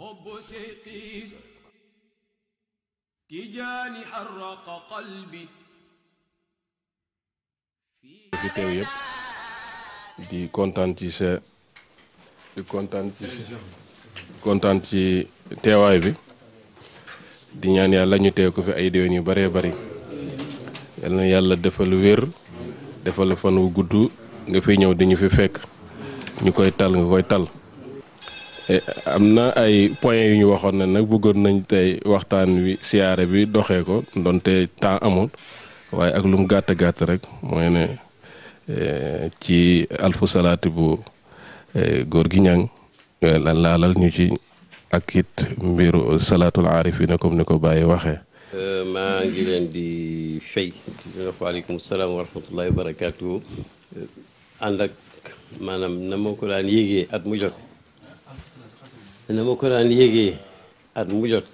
حب شيقي yëpp di kontaan ci kontaan kontaan ci teewaay bi di ñaan yàlla ñu teew ko fi ay déwén yu bëree bëri yal na yàlla defal wér defal fan wu gudd nga fi ñëw dañu fi fekk ñu koy tal nga koy tal Eh, am na ay points yu ñu waxoon ne nag bëggoon nañ tey waxtaan wi siyaare bi doxee ko donte temps amul waaye ak lu mu gàtt gàtt rek mooy ne eh, ci alfu salaati bu eh, góor gi ñàng la laalal ñu ci ak it mbiru salaatul aarifina comme ni ko bàyyi waxee. Euh, maa ngi leen di fay waaleykum salaam wa rahmatullahi wa barakaatu euh, ànd ak maanaam na ma ko daan yéegee at mu jot. na ma ko daan yégee at mu jot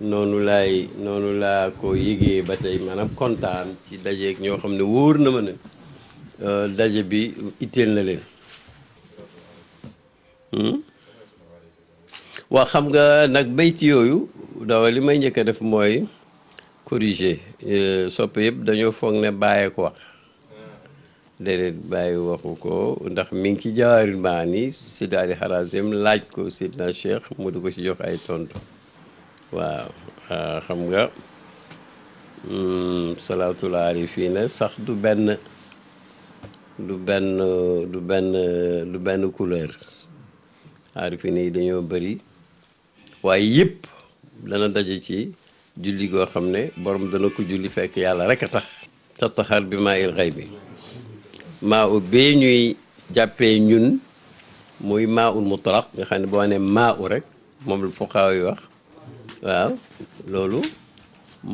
noonu laay noonu laa ko yégee ba tey maanaam kontaan ci dajeeg ñoo xam ne wóor na ma ne euh, daje bi itteel na leen hmm? waa xam nga nag bayti yooyu dawa li may njëkk def mooy corriger euh, sopp yëpp dañoo foog ne bàyyee ko déedéet bàyyi waxu ko ndax mi ngi ci jawaarul maani Seydi Ali Harazim laaj ko Seydina Cheikh mu di ko ci jox ay tontu waaw ah, xam nga mm, salaatul aarifiina sax du benn du benn du benn du benn couleur aarifiina yi dañoo bari waaye yépp dana daje ci julli goo xam ne borom dana ko julli fekk yàlla rek a tax tattaxar bi maa il xëy bi maa u bee ñuy jàppee ñun muy maa ul mutlaq nga xam ne boo nee maa u rek moom la fuqaaw yi wax waaw loolu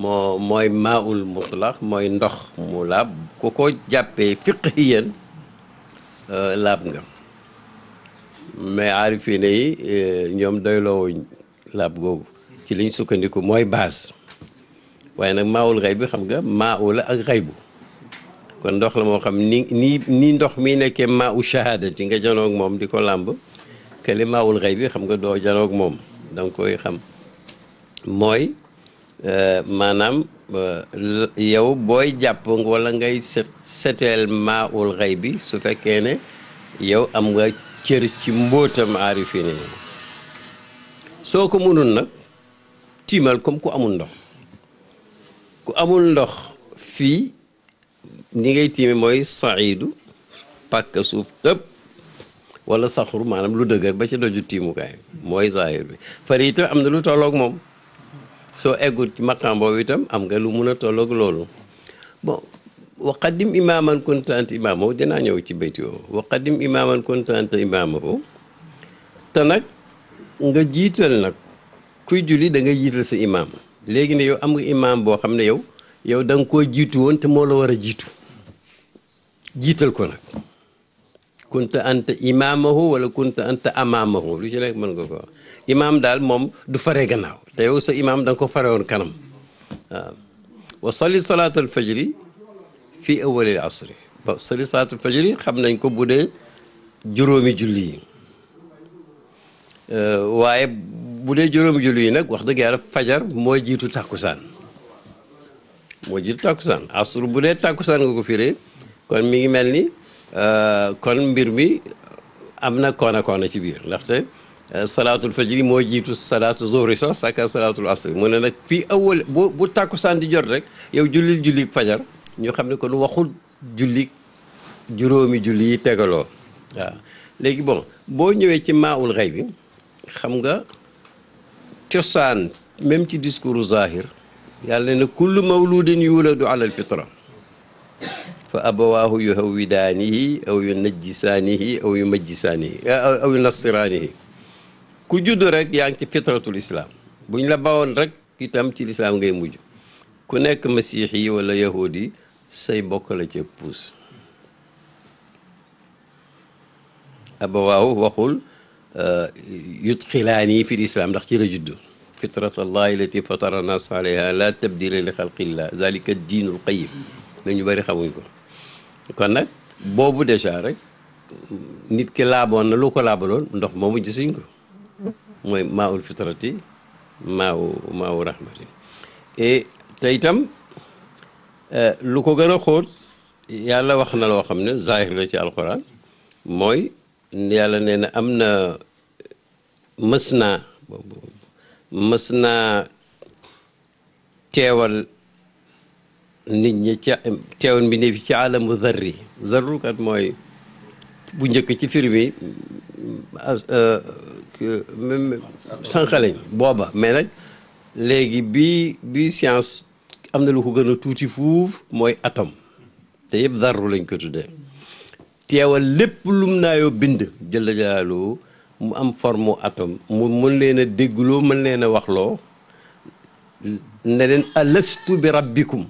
moo mooy maa ul mutlaq mooy ndox mu laab ku ko jàppee fiqhiyan euh, laab nga mais aarifine yi euh, ñoom doyloowuñ laab googu ci liñ sukkandiku mooy base waaye nag maa ul xayb bi xam nga maa ula ak xaybu kon ndox la moo xam ni ni ni ndox mi nekkee maa u shahadati nga janoog moom di ko làmb kële maa ul xëy bi xam nga doo janoog moom da nga koy xam mooy euh, maanaam euh, yow booy jàpp wala ngay set seteel maa ul xëy bi su fekkee ne yow am nga cër ci mbóotam aarifine soo ko mënul nag tiimal comme ku amul ndox ku amul ndox fii ni ngay tiime mooy saidu pàkk suuf këpp walla saxru maanaam lu dëgër ba ci doju tiimukaay mooy zahir bi fari itam am na lu tolloog moom soo eggut ci maqaam itam am nga lu mun a tolloog loolu bon waqadim imaaman kunta anta imaamahu dinaa ñëw ci bayti woowu waqadim imaaman kunta anta imaamahu te nag nga jiital nag kuy julli da nga jiital sa imaam léegi ne yow am nga imaam boo xam ne yow yow danga nga koo jiitu woon te moo la war a jiitu jiital ko nag kunta anta imaamahu wala kunta anta amaamahu lu ci nekk mën nga ko wax imaam daal moom du fare gannaaw te yow sa imaam danga koo fare woon kanam waaw wa salli salaatal fajri fii awalil asri ba salli salaatal fajri xam nañ ko bu dee juróomi julli yi waaye bu dee juróomi julli yi nag wax dëgg yàlla fajar mooy jiitu tàkkusaan moo jur takkusaan asru bu dee takkusaan nga ko firee kon mi ngi mel ni euh, kon mbir mi am na koona koona ci biir ndaxte euh, salaatul fajri moo jiitu salaatu zuhri sax saka salaatul asri mu ne nag fii awal bu bu takkusaan di jot rek yow jullil julli fajar ñu xam ne kon waxul julli juróomi julli yi tegaloo waaw bon boo ñëwee ci maaul xëy bi xam nga cosaan même ci discours zahir يقول لنا كل مولود يولد على الفطرة فأبواه يهودانه أو ينجسانه أو يمجسانه أو ينصرانه كجود رك يعني فطرة الإسلام بني لباون رك كتام تي الإسلام غير موجود كونك مسيحي ولا يهودي سي بوكلا تي بوس أبواه وقل يدخلاني في الإسلام لأخير جدو فطرة الله التي فطر الناس عليها لا تبديل لخلق الله ذلك الدين القيم la ñu bëri xamuñ ko kon nag boobu déjà rek nit ki laaboon na lu ko laabaloon ndox moomu gisuñ ko mooy maawul fitrati maawu maawu rahmati et te itam lu ko gën a xóot yàlla wax na loo xam ne zahir la ci alquran mooy yàlla nee na am na mës naa mës naa teewal nit ñi ci teewal bi ne ci alamu zarri zarru kat mooy bu njëkk ci fir bi euh, sànqaleñ booba mais nag léegi bi science am na lu ko gën a tuuti fuuf mooy atom te yëpp zarru lañ ko tuddee teewal lépp lum naayoo bind jëlla mu am formu atome mu mën leen a déggloo mën leen a waxloo ne leen alastu bi rabbikum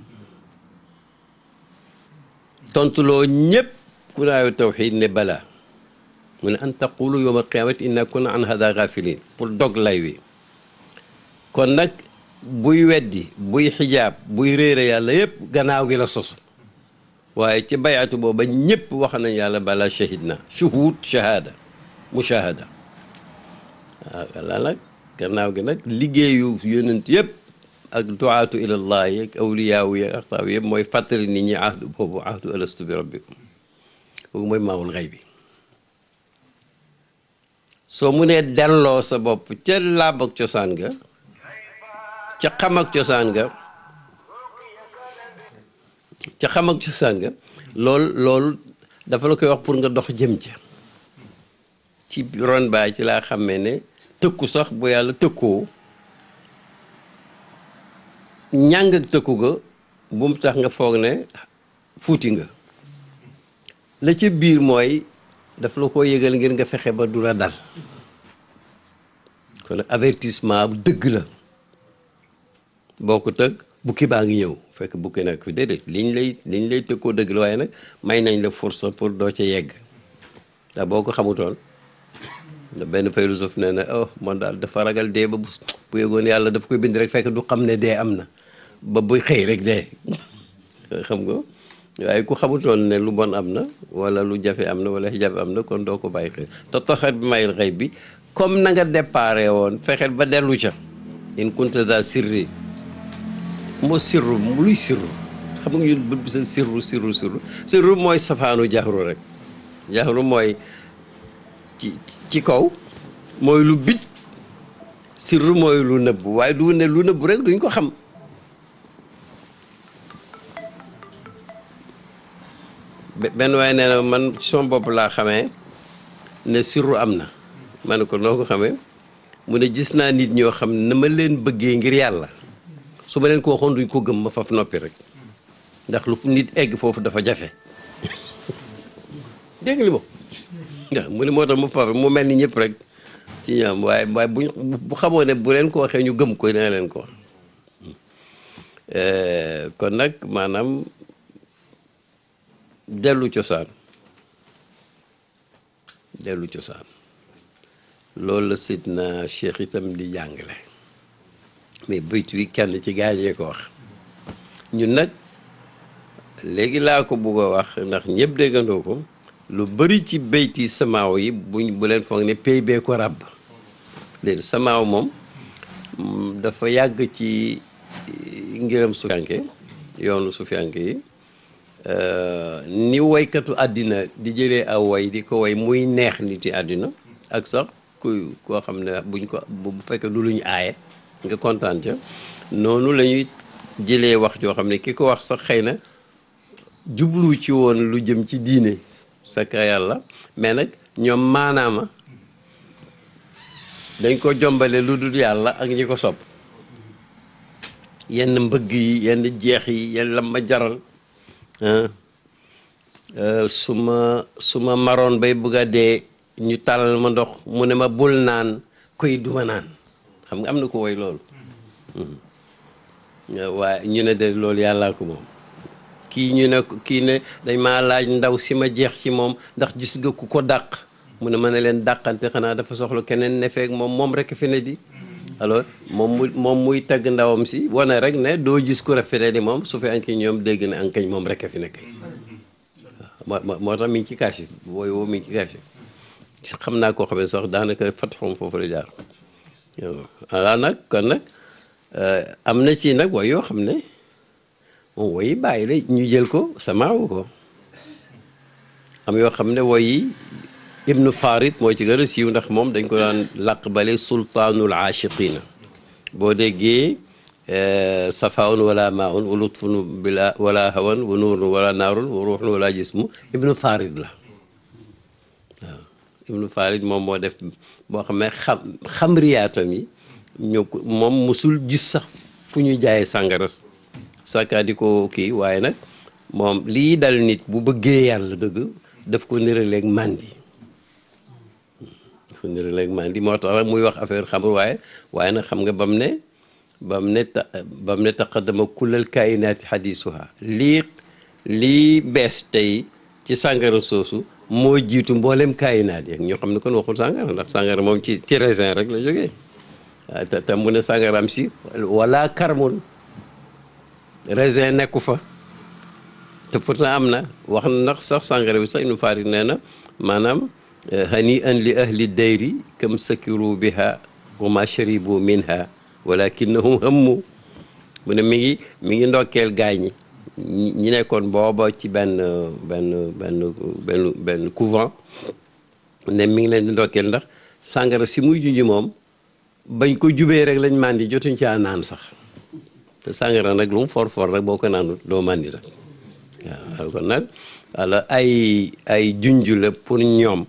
tontuloo ñépp ku naayu tawxid ne bala mu ne an taqulu yowma alqiyamati inna kunna an hada pour dog lay wi kon nag buy weddi buy xijaab buy réere yàlla yépp gannaaw gi la sosu waaye ci bayatu booba ñépp wax nañ yàlla bala shahid na shuhud shahada mushahada waaw ah, yàlla nag gannaaw gi nag liggéeyu yonent yëpp ak duwaatu ilallah yeeg awliyaawu yeeg mooy fàttali nit ñi ahdu boobu ahdu alastu bi rabbikum boobu mooy maawul xay bi soo mu nee delloo sa bopp ca laab ak cosaan ga ca xam ak cosaan nga ca xam dafa la koy wax pour nga dox jëm ca ci ron baay ci laa xamee ne tëkku sax bu yàlla tëkkoo ñàng ak tëkku ga bu mu tax nga foog ne fuuti nga la ci biir mooy daf la ko yëgal ngir nga fexe ba du la dal kon avertissement bu dëgg la boo ko tëgg bukki baa ngi ñëw fekk bukki nag fi déedéet liñ lay liñ lay tëkkoo dëgg la waaye nag may nañ la force pour doo ci yegg ndax boo ko xamutoon da benn philosophe nee na oh man daal dafa ragal dee ba bu bu yëgoon yàlla daf koy bind rek fekk du xam ne dee am na ba buy xëy rek dee xam nga waaye ku xamutoon ne lu bon am na wala lu jafe am na wala jafe am na kon doo ko bàyyi xëy totoxet bi mayil xëy bi comme na nga déparé woon fexeel ba dellu ca in kunta daa sirri moo sirru luy sirru xam nga ñun bë sirru sirru sirru sirru mooy safaanu jaxru rek jaxru mooy ci ci kaw mooy lu bit sirru mooy lu nëbbu waaye du ne lu nëbbu rekk duñ ko xam benn waaye neena man sama bopp laa xamee ne sirru am na ma ne ko noo ko xamee mu ne gis naa nit ñoo xam ne ma leen bëggee ngir yàlla su ma leen ko waxoon duñ ko gëm ma faf noppi rek ndax lu nit egg foofu dafa jafe dégg li ma nga mu ne moo tax mu far mu mel ni ñëpp rek ci ñoom waaye waaye bu bu xamoo ne bu leen ko waxee ñu gëm ko dina leen ko wax eh, kon nag maanaam dellu cosaan dellu cosaan loolu la sit na cheikh itam di jàngale mais bayt wi kenn ci gaañee ko wax ñun nag léegi laa ko bugg a wax ndax ñëpp déggandoo ko lu bëri ci béyti samaaw yi buñ bu leen foog ne pay bee ko ràbb léegi samaaw moom dafa yàgg ci eh, ngiram sufiyanke yoonu sufiyanke yi eh, ni woykatu àddina di jëlee aw woy di ko way muy neex nit yi àddina ak sax koo xam ne buñ ko bu fekkee du luñ aaye nga kontaan ca noonu lañuy jële wax joo xam ne ki ko wax sax xëy na jublu ci woon lu jëm ci diine secret yalla mais nak ñom manama dañ ko jombale luddul yalla ak ñi ko sopp yenn mbeug yi yenn jeex yi yenn lam ma jaral su euh, suma su ma bay bu gade ñu talal ma ndox mu ne ma bul naan koy duma naan xam nga amna ko way lool hmm. euh, ñu ne de lool yalla ko mom kii ñu ne kii ne dañ maa laaj ndaw si ma jeex ci moom ndax gis nga ku ko dàq mu ne ma ne leen dàqante xanaa dafa soxla keneen ne feeg moom moom rekk fi ne di alors moom mu moom muy tagg ndawam si wane rek ne doo gis ku rafetee ni moom su fi anki ñoom dégg na ankañ moom rek fi nekk moo moo tax ci kaasi wooy woo xam naa koo xam ne sax daanaka fat xom foofu la jaar waaw nag kon nag euh, am na ci nag waaye yoo xam ne woy bàyyi ñu jël ko samaawu ko am yoo xam ne woy yi ibnu farid moo ci gën a siiw ndax moom dañ ko daan làq bale sultaanul aashiqina boo déggee eh, safaun wala maun wa lutfun bila wala hawan wa nuurun wala jismu ibnu farid la waaw farid moom moo def boo xam ne xam moom musul gis sax fu ñu jaayee sàngara saka di ko kii waaye nag moom lii dal nit bu bëggee yàlla dëgg daf ko niraleeg mandi daf ko niraleeg mandi moo tax muy wax affaire xamr waaye waaye nag xam nga bam ne bam ne ta bam ne taqaddama kullal kaayinaati xadiisuha lii lii bees tey ci sàngara soosu moo jiitu mboolem kaayinaat yi ñoo xam ne kon waxul sàngara ndax sàngara moom ci ci raisin rek la jógee ah, te mu ne sàngaraam si wala karmun raisin nekku fa te pourtant am na wax na ndax sax sàngara bi sax Ibnu Farid nee na maanaam eh, hani an li ahli dayri kam sakiru miin wa ma sharibu minha walakinnahum hammu mu ne mi ngi mi ngi ndokkeel gaay ñi ñi nekkoon booba ci benn benn benn benn benn couvent ne mi ngi leen di ndokkeel ndax sàngara si muy junj moom bañ ko jubee rek lañ màndi jotuñ caa naan sax te sàngara nag lu mu for for rek boo ko naanut doo màndi nag waaw kon ay ay junju la pour ñoom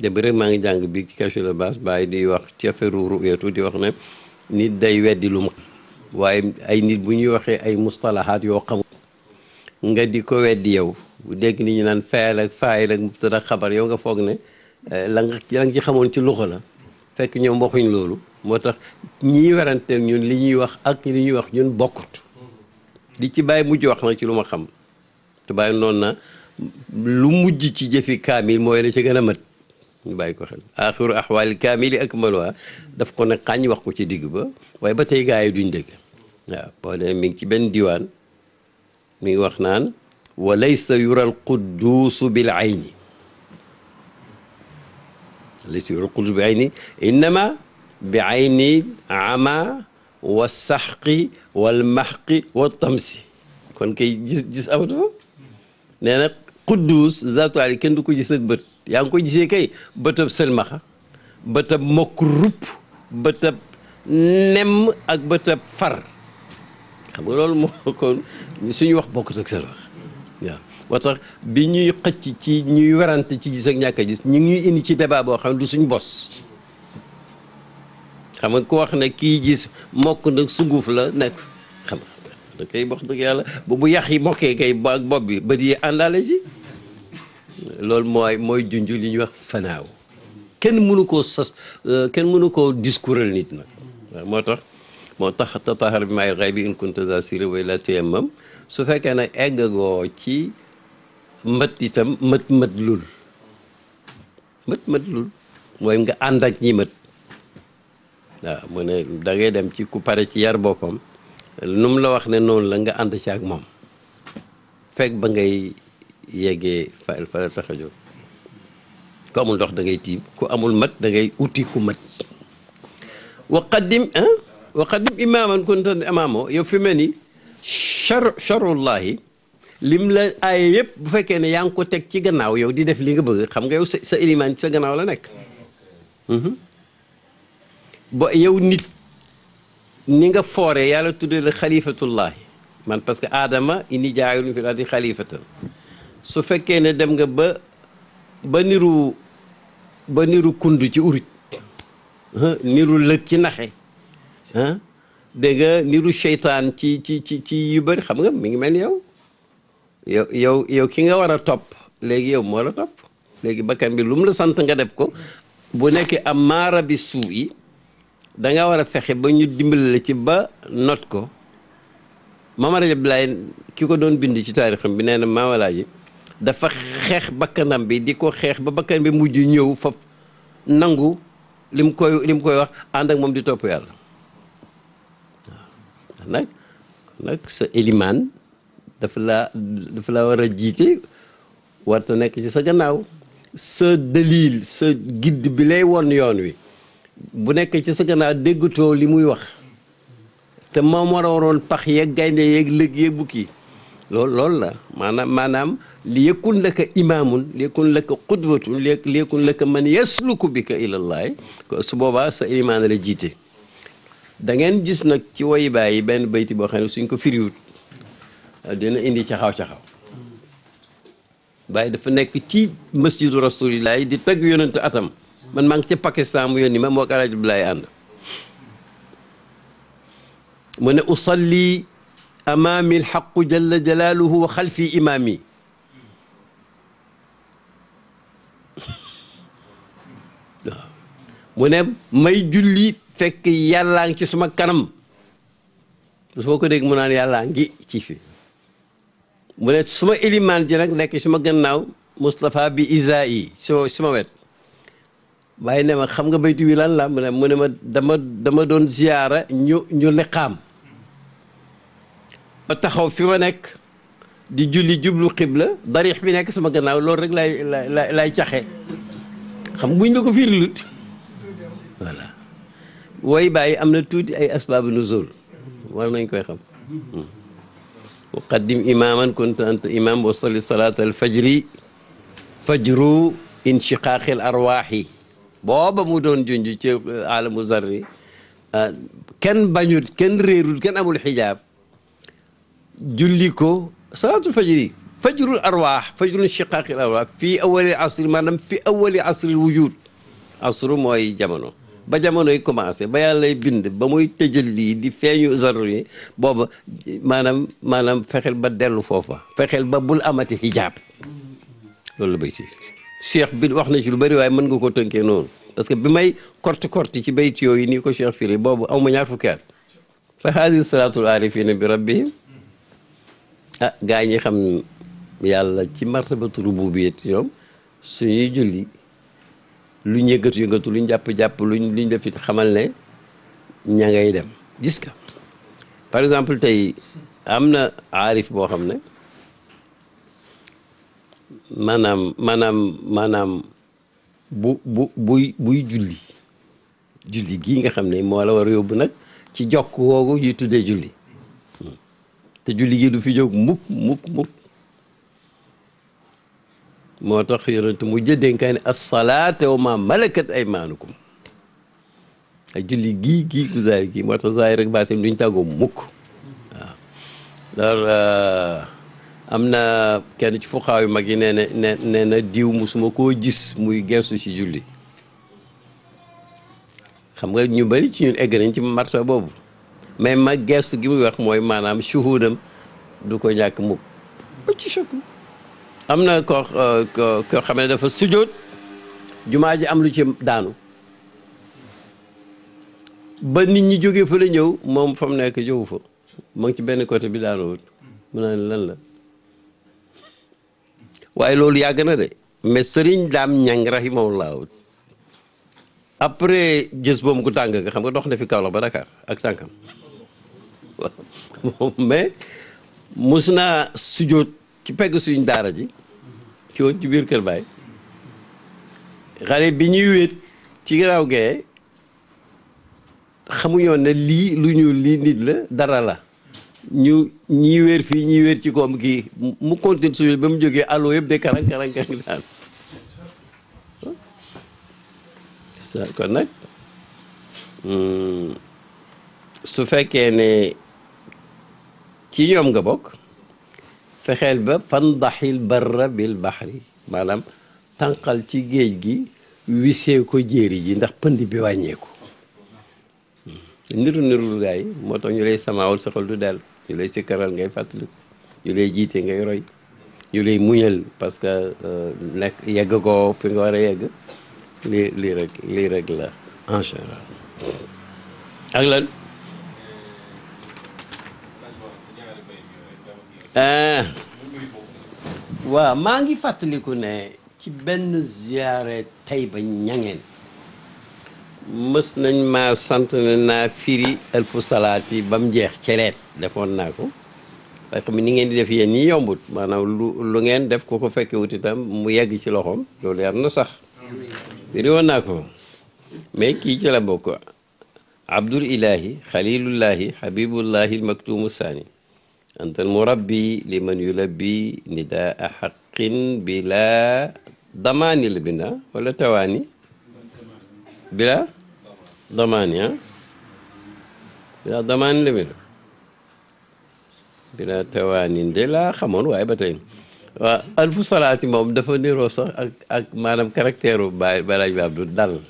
de rek maa ngi jàng bi ci Cachou Bas bàyyi di wax ci affaire ru'yatu di wax ne nit day weddi lu mu waaye ay nit bu ñuy waxee ay mustalahaat yoo xamul nga di ko weddi yow bu dégg nit ñu naan fayal ak faayil ak mubtada xabar yow nga foog ne eh, la nga la ci xamoon ci luxa la fekk ñoom waxuñ loolu moo tax ñiy werante ñun li ñuy wax ak li ñuy wax ñun bokkut li ci bàyyi mujj wax nag ci lu ma xam te noon na lu mujj ci jëfi kaamil mooy la ci gën a mat ñu bàyyi ko xel axiru axwaali kaamil yi ak maluwa daf ko ne xàññ wax ko ci digg ba waaye ba tey gaa yi duñ dégg waaw mi ngi ci benn diwaan mi ngi wax naan wa laysa yural qudduusu bil ayni laysa ayni innama bi ayni ama wa saxqi wal maxqi wa tamsi kon kay gis gis amatu fa na quddus zatuwaal yi kenn du ko gis ak bët yaa ngi koy gisee kay bëtab sëlmaxa bëtab mokk rupp bëtab nemm ak bëtab far xam nga loolu moo kon suñu wax bokkut ak sëlmaxa waaw moo tax bi ñuy xëcc ci ñuy werante ci gis ak ñàkk a gis ñu ngi ñuy indi ci débat boo xam ne du suñu bos xam nga ku wax ne kii gis mokk nag sunguf la nekk xam nga da yàlla bu bu yax yi mokkee kay ba bopp bi bët yi àndaale ci loolu mooy mooy junj li ñuy wax fanaaw kenn mënu ko sas euh, kenn mënu koo discoural nit nag moo tax moo tax tatahar bi maay xay bi in kunta za sirri way la tuyamam su fekkee ne eggagoo ci mbët itam mët mët lul mët mët lul mooy nga ànd ak ñi mët waaw mu ne da dem ci ku pare ci yar boppam nu mu la wax ne noonu la nga ànd ci ak moom fekk ba ngay yeggee fa fa la tax ku amul ndox da ngay tiim ku amul mat dangay ngay uti ku mat wa qaddim ah wa qaddim yow fi mel ni char charullahi lim la ay yëpp bu fekkee ne yaa ngi ko teg ci gannaaw yow di def li nga bëgg xam nga yow sa sa ilimaan sa gannaaw la nekk mhm. ba yow nit ni nga foore yàlla tuddee la xalifatullahi man parce que aadama inni jaayilun laa di xalifatal su fekkee ne dem nga ba ba niru ba niru kund ci uruj niru lëg ci naxe ah dégg nga niru seytaan ci ci ci ci yu bëri xam nga mi ngi mel ni yow yow yow yow ki nga war a topp léegi yow moo la topp léegi bakkan bi lu mu la sant nga def ko bu nekkee am maara bi da war a fexe ba ñu dimbali la ci ba not ko Maam Rajab Laay ki ko doon bind ci taarixam bi nee na Maam dafa xeex bakkanam bi di ko xeex ba bakkan bi mujj ñëw faf nangu lim mu koy li koy wax ànd ak moom di topp yàlla waaw nag nag sa élimaan dafa laa dafa laa war a jiite warta nekk ci sa gannaaw sa dalil sa gidd bi lay won yoon wi bu nekk ci sa gannaaw déggutoo li muy wax te moom war a waroon pax yeeg gaynde yeeg lëg yeeg bukki loolu loolu la maanaam maanaam li yëkkul la ka imaamun li yëkkun la ka xudwatun li yëkkun la ka man yasluku bi ka ilallaay su boobaa sa imaan la jiite dangeen gis nag ci woy yi benn bayti boo xam ne suñ ko firiwut dina indi ca caxaw caxaw waaye dafa nekk ci masjidu rasulillahi di tagg yonentu atam man maa ngi ca Pakistan mu yónni ma moo ko El Hadj Abdoulaye ànd mu ne usalli amaami alxaqu jalla jalaaluhu wa imaami waaw may julli fekk yàllaa ci suma kanam soo ko dégg mu naan yàllaa ngi ci fi mu suma ilimaan ji nag nekk suma gannaaw Moustapha bi isa yi suma wet waaye ne ma xam nga baytu wi lan ma dama dama doon ziyaara ñu ñu liqaam ba taxaw fi ma nekk di juli jublu xibla darix bi nekk sama gannaaw loolu rek lay lay lay caxe xam buñ la ko firilut voilà way bàyyi am na tuuti ay asbaabu nuzul war nañ koy xam uqaddim imaman kuntu anta imam wa salli salaata alfajri fajru inchiqaaqi al arwaaxi booba mu doon junj ci alamu zarri kenn bañut kenn réerul kenn amul xijaab julli ko salaatul fajri fajrul arwaax fajrul shiqaaqil arwaax fii awali asri maanaam fii awali asri wujud asru mooy jamono ba jamono yi commencé ba yàlla lay bind ba muy tëjal lii di feeñu zarru yi booba maanaam maanaam fexeel ba dellu foofa fexeel ba bul amati xijaab loolu la bay si cheikh bi wax na ci lu bari waaye mën nga koo tënkee noonu parce que bi may korti korti ci bay bayt yooyu nii ko cheikh firi boobu aw ma ñaar fukki at fa haadi salaatul aarifina bi rabbihim ah gaa ñi xam yàlla ci martabatu rububiyat ñoom suñuy julli luñ yëngatu yëngatu luñ jàpp-jàpp luñ luñ def it xamal ne ña ngay dem gis nga par exemple tey am na aarif boo xam ne maanaam maanaam maanaam bu bu buy buy julli julli gii nga xam ne moo la war a nag ci jokk woogu yi tuddee julli te julli gi du fi jóg mukk mukk mukk moo tax yonent mu jëddeenkaa ne assalaate wa ma malakat ay maanukum ak julli gii gii ku zaay gii moo tax zaay rek baatim duñ tàggoo mukk waaw euh, am na kenn ci fuqaa yu mag yi nee na nee na diw musuma koo gis muy geesu ci julli xam nga ñu bëri ci ñun egg nañ ci marsa boobu mais mag geesu gi mu wax mooy maanaam shuhudam du ko ñàkk mukk am na koo xam ne dafa sujjóot jumaa ji am lu ci daanu ba nit ñi jóge fa la ñëw moom fa mu nekk jógu fa mu ngi ci benn côté bi daanu wut mu naan lan la waaye loolu yàgg na de mais Serigne Dame Niang rahimahullahu après jës boobu ku tàng nga xam nga dox na fi Kaolack ba Dakar ak tànkam mais mus naa sujjóot ci pegg suñ daara ji ci woon ci biir kër baay xale bi ñuy wéet ci garaaw gee xamuñoon ne lii lu ñuul lii nit la dara la ñu ñii wér fii ñuy wér ci koom kii mu continue suñu ba mu jógee allo yëpp de karang karang karang daal hmm, su fekkee ne ci ñoom nga bokk fexeel ba fandaxil barra bil baxri maanaam tànqal ci géej gi wisee ko jéeri ji ndax pënd bi wàññeeku hmm. niru niru gaa yi moo tax ñu lay samaawul sa xol du dellu yu lay sikkaral ngay fàttaliku yu lay jiite ngay roy yu lay muñal parce que euh, nekk yegg koo fi nga war a yegg lii lii la en général ak ah. maa ngi fàttaliku ne ci benn ziyaare Tayba ñangeen mës nañ ma sant ne naa firi alfu salaat yi ba mu jeex celeet defoon naa ko parce que ni ngeen di def yéen ñi yombut maanaam lu lu ngeen def ku ko fekke wut mu yegg ci loxoom loolu yar na sax firi woon naa ko mais kii ci la bokk abdul ilahi xalilullahi habibullahi almaktumu saani anta almurabbi liman yulabbi nidaa xaqin bila damaani la bindaa wala tawaani bila ضماني بلا ضمان لبير بلا تواني ديلا خمون واي باتين والف صلاة ما دفو دي روسا اك مانم كاركتيرو بلاج بابدو دل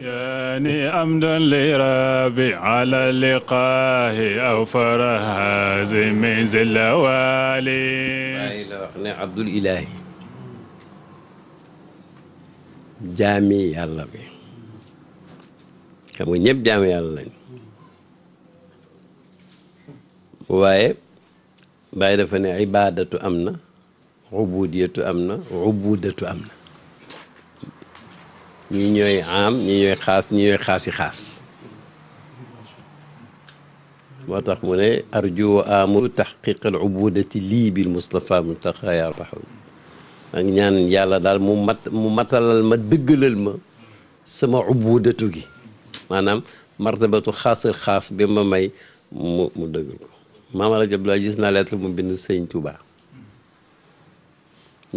يعني أمد لربي على لقاه أوفر هازم من ذل والي عبد الإله جامي الله بي xam nga ñëpp jaamu yàlla lañ waaye bàyyi dafa ne ibaadatu am na ubudiyatu am na ubudatu am na ñi ñooy am ñi ñooy xaas ñi ñooy xaasi xaas moo tax mu ne arju wa amuru taxqiq al ubudati lii bil mustafa muntaqa yaa raxul ak mu mat mu matalal ma dëggalal ma sama ubudatu gi maanaam martabatu xaasal xaas bi ma may mu mu dëggal ko maam El Hadj Abdoulaye gis naa lettre mu bind sëñ Touba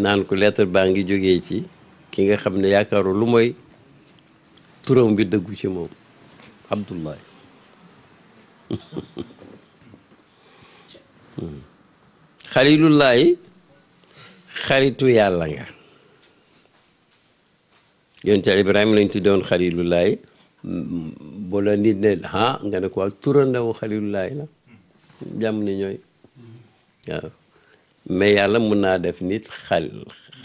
naan ko lettre baa ngi jógee ci ki nga xam ne yaakaaru lu mooy turam bi dëggu ci moom Abdoulaye xalilullaay xaritu yàlla nga yonte Ibrahima lañ tuddoon xalilullaay bu la nit ne ah nga ne ko waa turandawu xalilullahi la jàmm ni ñooy waaw mais yàlla mun naa def nit xal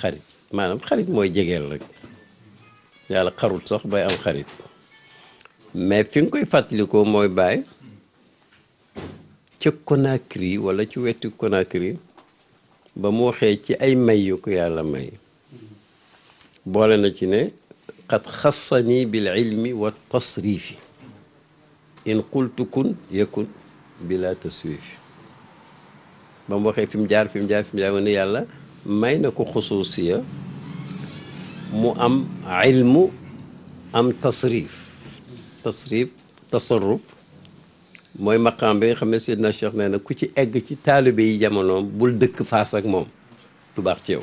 xarit maanaam xarit mooy jegeel rek yàlla xarut sox bay am xarit mais fi nga koy fàttalikoo mooy bàyyi ca Conakry wala ci wetu Conakry ba mu waxee ci ay may yu ko yàlla may boole na ci ne قد خصني بالعلم والتصريف إن قلت كن يكن بلا تسويف بام واخي فيم جار فيم جار فيم جار من يالا ماي نكو خصوصيه مو ام علم ام تصريف تصريف تصرف موي مقام بي خمي سيدنا الشيخ نانا كوتي ايغ سي طالبي جامونوم بول دك فاس اك موم تبارك تيو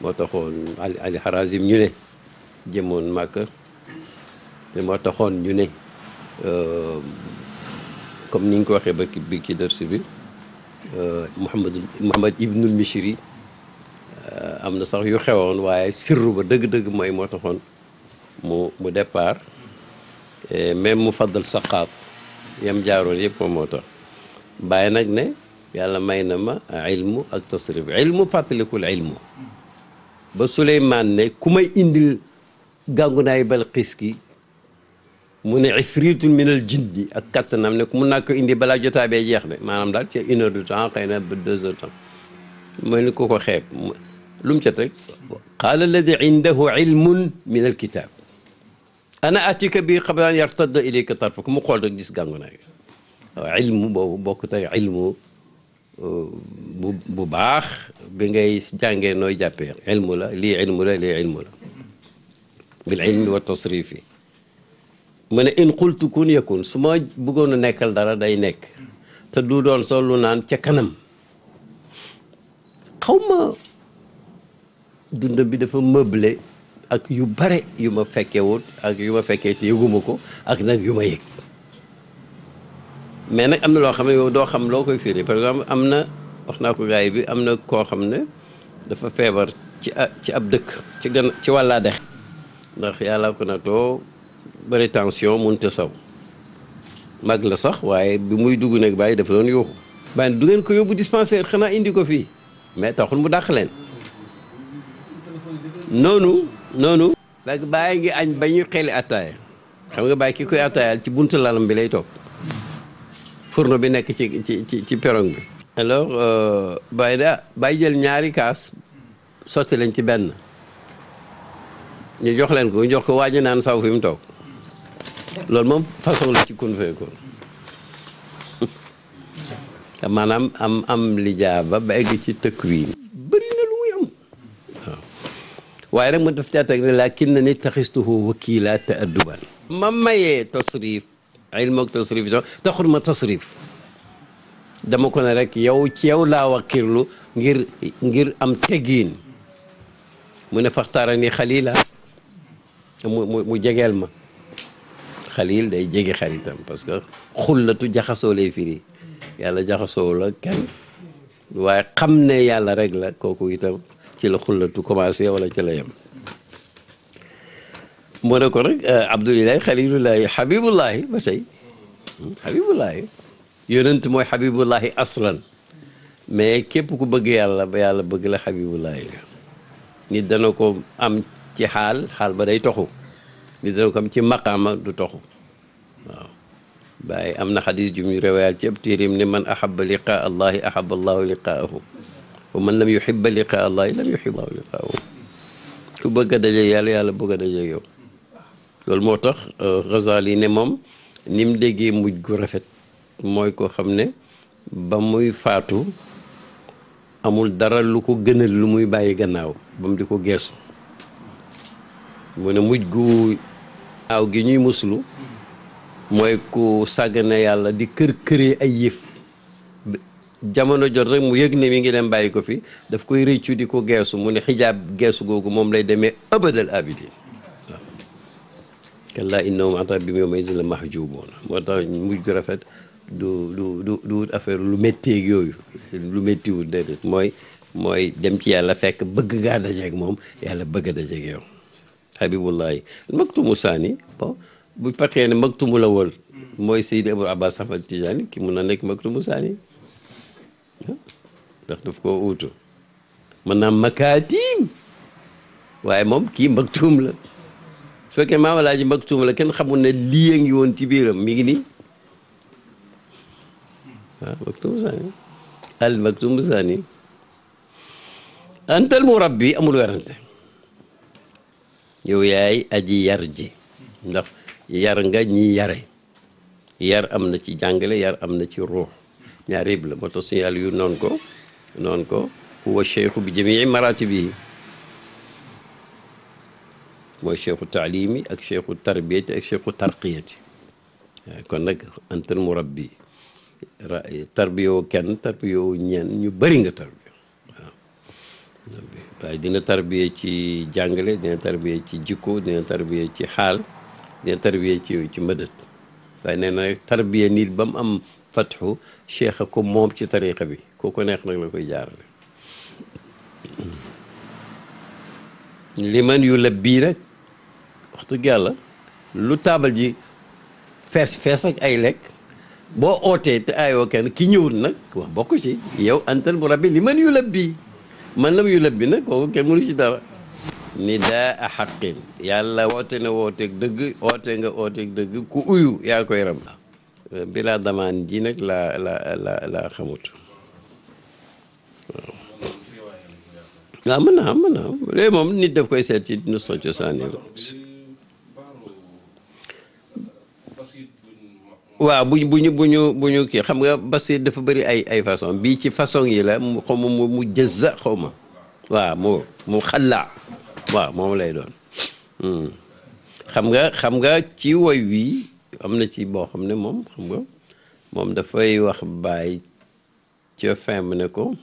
موتاخون علي حرازي ني jëmoon màkk te moo taxoon ñu ne comme ni ñu ko waxee ba bi ci bi Mouhamad Mouhamad Ibnul Mishri am na sax yu xewoon waaye sirru ba dëgg-dëgg mooy moo taxoon mu mu départ même mu faddal saqaat yam jaaroon yëpp moo tax bàyyi nag ne yàlla may na ma ilmu ak tasrif ilmu fàttalikul ilmu ba Suleymaan ne ku may indil gàngunaay Balqiis ki mu ne ifritun min al jinni ak kattanam ne mun naa ko indi balaa jotaay bee jeex de maanaam daal ci une heure de temps xëy na ba deux heures de temps mooy ni ko ko xeeb lu mu ca teg qaala alladi indahu ilmun min al kitab ana atika bi qabla an yartadda ilayka tarfuk mu xool rek gis gàngunaay waaw ilmu boobu bokkut ak ilmu bu bu baax bi ngay jàngee nooy jàppee ilmu la lii ilmu la lii ilmu la bil ilmi wa tasrifi ne in su ma bëggoon a nekkal dara day nekk te du doon solu naan ca kanam xaw bi dafa meublé ak yu bare yu ma fekkewut ak yu ma fekkee te ko ak nag yu ma mais nag am na loo xam ne yow doo xam loo koy firi par exemple am na wax naa ko gaay bi am na koo xam ne dafa feebar ci ci ab dëkk ci gan ci wàllaa dex ndax yàlla ko natoo bëri tension mënut a saw mag la sax waaye bi muy dugg nag bàyyi dafa doon yuuxu bàyyi du ko yóbbu dispensaire xanaa indi ko fii mais taxul mu dàq leen noonu noonu nag bàyyi ngi añ ba ñuy xeli attaaya xam nga bàyyi ki koy attaayal ci bunt lalam bi lay toog fourneau bi nekk ci ci ci ci perron bi alors euh, bàyyi da bàyyi jël ñaari kaas sotti leen ci benn ñu jox leen ko ñu jox ko waa ji naan saw fi mu toog loolu moom façon la ci kun fekkoon maanaam am am lijaaba ba egg ci tëkk wi bëri na lu muy am waaw waaye nag mu def caa teg ne laakin na ni taxistuhu wakiila te adduban ma mayee tasrif ilm ak tasrif to taxul ma tasrif dama ko ne rek yow ci yow laa wakkirlu ngir ngir am teggiin mu ne faxtaara ni xalila mu mu mu jegeel ma xalil day jege xaritam parce que xullatu jaxasoo lay firi yàlla jaxasoo la kenn waaye xam ne yàlla rek la kooku itam ci la xullatu commencé wala ci la yem moo ne ko nag euh, abdulilahi xalilullahi xabibullahi hmm, mooy xabibullahi aslan mais képp ku bëgg yàlla ba yàlla bëgg la xabibullahi nit dana ci xaal xaal ba day toxu li dara kam ci maqaama du toxu waaw bàyyi am na xadis ju muy rewaayal ci ab téerim ne man ahaba liqaa allahi ahaba allahu liqaahu liqaa allahi ku bëgg a daje yàlla yàlla bëgg a daje yow loolu moo tax yi euh, ne moom ni mu déggee muj gu rafet mooy ko xam ne ba muy faatu amul dara lu ko gënal lu muy bàyyi gannaaw ba mu di ko geesu mu ne mujj gu aw gi ñuy muslu mooy ku na yàlla di kër këree ay yëf jamono jot rek mu yëg ne mi ngi leen bàyyi ko fi daf koy rëccu di ko geesu mu ne xijaab geesu googu moom lay demee abadal abidin waaw kallaa innahum an rabbihim yawma izin la mahjuubuun moo tax mujj gu rafet du du du affaire lu métteeg yooyu lu mooy mooy dem ci yàlla fekk bëgg ngaa dajeeg moom yàlla bëgg a dajeeg yow حبيب الله المكتوم ثاني بو فقي يعني مكتوم الاول موي سيدي ابو عباس احمد التجاني كي مونا نيك مكتوم ثاني تخدف كو اوتو منا مكاتيم واي موم كي مكتوم لا فكي ما ولا جي مكتوم لا كين خمو ني لي ياغي وون تي بيرم ميغي ني مكتوم ثاني المكتوم ثاني انت المربي امول ورنتي yow yaay aji yar ji ndax yar nga ñi yare yar am na ci jàngale yar am na ci ruux ñaar yëpp la yu noon ko noon ko huwa cheikhu bi jamii maratibihi mooy cheikhu taalimi ak cheikhu tarbiyati ak cheikhu tarqiyati kon nag antal murabbi tarbiyo kenn tarbiyo ñeen ñu bari nga tarbi waaye dina tarbiye ci jàngale dina tarbiye ci jikko dina tarbiye ci xaal dina tarbiye ci ci waaye nee na nit ba mu am fatxu cheikh ko moom ci tariqa bi koo ko neex nag la koy jaarale li man yu la bii nag waxtu yàlla lu taabal ji fees fees ak ay lekk boo ootee te aayoo kenn ki ñëwul nag wax bokk ci yow antal mu rabbi li man yu la bii man lam yu lab bi nag kenn mënu ci dara ni daa a xaqin yàlla woote na wooteeg dëgg ku uyu yaa koy ram bi laa damaan ji nag laa la xamut waaw ah, mën naa mën naa léegi daf koy seet ci nu socc saani waaw bu bu ñu bu ñu bu ñu kii xam nga basir dafa bari ay ay façon bii ci façon yi la mu xaw ma mu mu jëza xaw ma waa mu mu xallaa waaw moom lay doon hmm. xam nga xam nga ci woy wi am na ci boo xam ne moom dafay wax bàyyi ca fin mu ne ko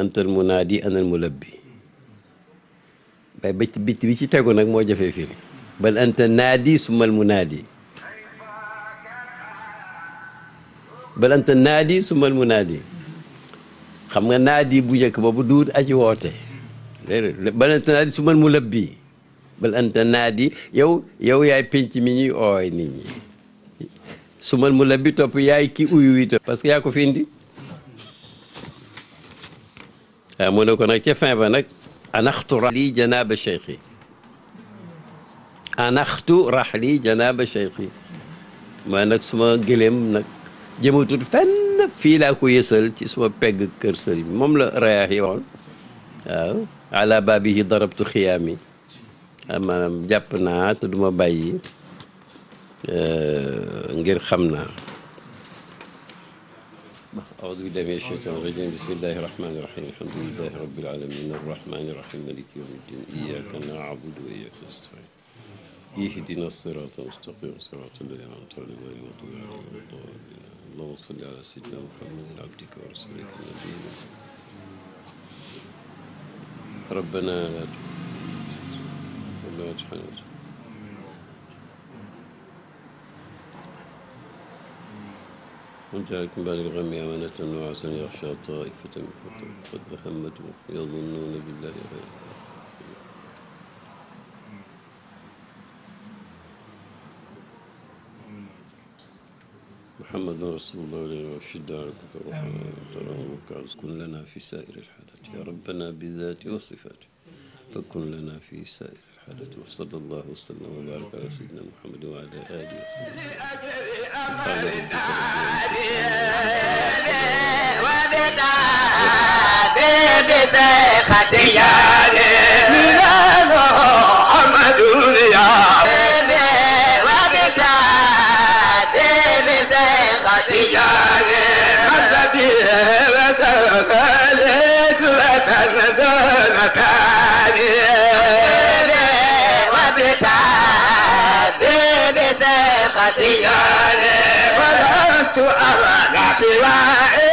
antal munaadi anal mulabbi bay ba ci bit bi ci tegu nag moo jafee firi bal anta naadi sumal munaadi bal anta naadi sumal munaadi xam nga naadi bu njëkk ba bu duut aji woote bal anta naadi sumal mulabbi bal anta naadi yow yow yaay penc mi ñuy ooy nit ñi sumal mulabbi topp yaay ki uyu itam parce que yaa ko fi indi waaw mu ne ko nag ca fin ba nag anaxtu raxli janaaba cheikhi anaxtu raxli janaaba cheikhi maa nag suma gëléem nag jëmatul fenn fii laa ko yësal ci suma pegg kër sëriñ bi moom la rayaax yi waxoon waaw ala baabihi darabtu xiyaami maanaam jàpp naa te duma bàyyi ngir xam naa أعوذ بالله من الشيطان الرجيم بسم الله الرحمن الرحيم الحمد لله رب العالمين الرحمن الرحيم مالك يوم الدين إياك نعبد وإياك نستعين اهدنا الصراط المستقيم صراط الذين أنعمت عليهم غير المغضوب عليهم ولا الضالين اللهم صل على سيدنا محمد عبدك ورسولك النبي ربنا لا تحمل وجعلكم بعد الغم أمانة وعسى يخشى طائفة من قد محمد يظنون بالله غيره محمد رسول الله عليه وشد على الكفر كن لنا في سائر الحالات يا ربنا بذات وصفات فكن لنا في سائر الحالات وصلى الله وسلم وبارك على سيدنا محمد وعلى آله وصحبه அதிகார அவகாசிவாய